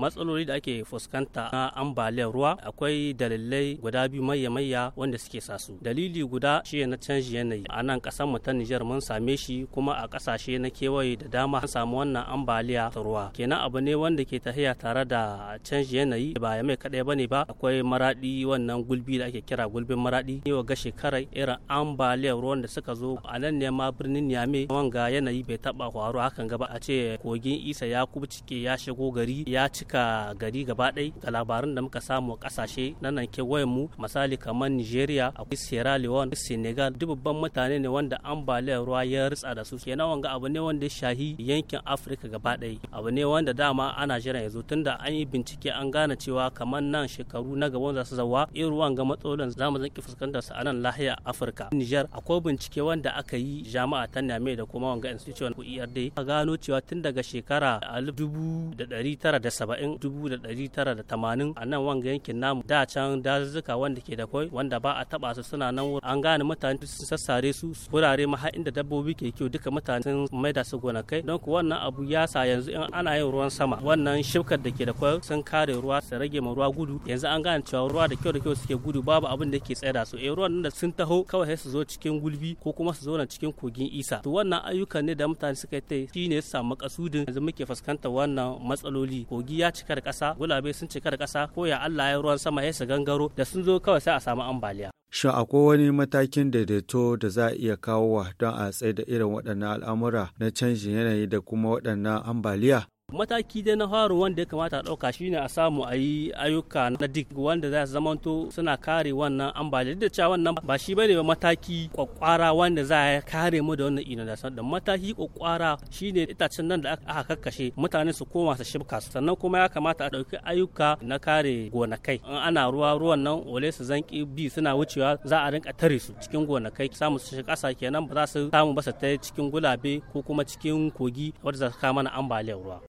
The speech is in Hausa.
matsaloli da ake fuskanta na ambaliyar ruwa akwai dalilai guda biyu mayya-mayya wanda suke su. dalili guda shi na canji yanayi a nan kasan mu ta Nijar mun same shi kuma a kasashe na kewaye da dama an samu wannan ambaliya ta ruwa kenan abu ne wanda ke tahiya tare da canji yanayi ba ya mai kadai bane ba akwai maradi wannan gulbi da ake kira gulbin maradi ne ga shekarar irin ambaliyar ruwan da suka zo a nan ne ma birnin Niamey wanga yanayi bai taba faru hakan gaba a ce kogin Isa ya cike ya shigo gari ya ci duka gari gaba ɗai da labarin da muka samu kasashe na nan kewayen mu misali kamar nigeria akwai sierra leone senegal dubban mutane ne wanda ambaliyar ruwa ya ritsa da su kenan wanga abu ne wanda ya shahi yankin afirka gaba ɗai abu ne wanda dama ana jiran yanzu tunda an yi bincike an gane cewa kamar nan shekaru na gaban za su zawa irin ruwan ga matsalolin zamu zanki fuskantar su a nan lahiyar afirka niger akwai bincike wanda aka yi jama'a ta name da kuma wanga institution ko erd a gano cewa tun daga shekara 1970 arba'in dubu da ɗari tara da tamanin a nan wanga yankin namu da can dazuzzuka wanda ke da kwai wanda ba a taɓa su suna nan an gane mutane sun sassare su wurare ma har inda dabbobi ke kyau duka mutane sun da su gonakai don ku wannan abu ya sa yanzu in ana yin ruwan sama wannan shifkar da ke da kwai sun kare ruwa su rage ma ruwa gudu yanzu an gane cewa ruwa da kyau da kyau suke gudu babu abin da ke tsaya da su eh ruwan da sun taho kawai sai su zo cikin gulbi ko kuma su zo na cikin kogin isa to wannan ayyukan ne da mutane suka yi ta shine su samu kasudin yanzu muke fuskantar wannan matsaloli kogi ya a cika ƙasa gulabe sun cika da ƙasa ko ya Allah ya ruwan sama ya gangaro da sun zo kawai sai a samu ambaliya Shin akwai wani matakin daidaito da za a iya kawowa don a tsaye da irin waɗannan al'amura na canjin yanayi da kuma waɗannan ambaliya? mataki dai na faru wanda ya kamata a ɗauka shine a samu a yi ayyuka na dik wanda za su zamanto suna kare wannan ambaliya da cewa wannan ba shi bane ba mataki kwakwara wanda za a kare mu da wannan inundation da mataki kwakwara shine itacen nan da aka kakkashe mutane su koma su shibka sannan kuma ya kamata a ɗauki ayyuka na kare gonakai in ana ruwa ruwan nan ole su zanki bi suna wucewa za a rinka tare su cikin gonakai samu su shiga ƙasa kenan ba za su samu ba su ta cikin gulabe ko kuma cikin kogi wanda za su kawo mana ambaliyar ruwa